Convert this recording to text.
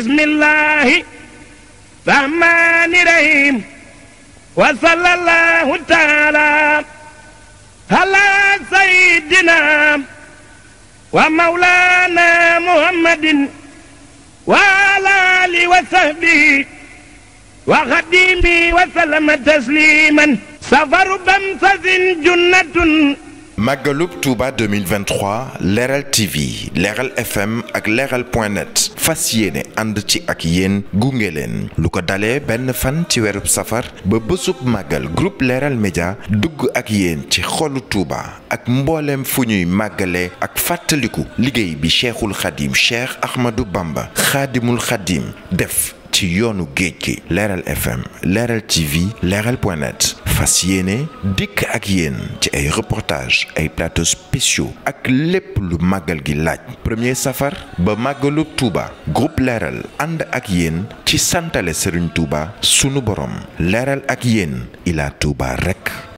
bismillaahi rahmaani rahiim wa sallallaahu taala ala sayyidina wa mawlaana muhammadin wa ala aalihi wa sahbihi wa xadiimihi wa sallama tasliiman safaru bamsasin junnatun màggalub Touba 2023 Leral TV leeral FM ak Leral point net fas yéene ànd ci ak yéen gunge leen lu ko dalee benn fan ci werub safar ba bésub màggal groupe leeral Média dugg ak yéen ci xolu tuuba ak mbooleem fu ñuy màggale ak fàttaliku liggéey bi Cheikhul Khadim Cheikh Ahmadou Bamba xadimul Khadim def ci yoonu géej gi leeral FM Leral TV Leral point net fas yéene dikk ak yéen ci ay reportage ay plateaux spéciaux ak lépp lu màggal gi laaj premier safar ba màggalu tuuba groupe leeral ànd ak yéen ci santale Serigne Touba sunu borom leeral ak yéen Ila Touba rek